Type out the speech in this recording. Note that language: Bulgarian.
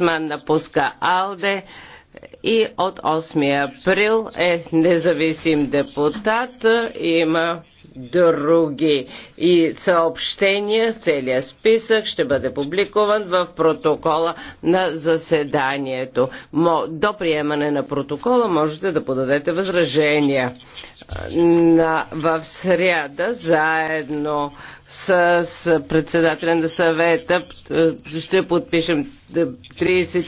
Вестман напуска Алде и от 8 април е независим депутат. Има други. И съобщения, целият списък ще бъде публикуван в протокола на заседанието. До приемане на протокола можете да подадете възражения. На, в сряда заедно с председателя на съвета ще подпишем 30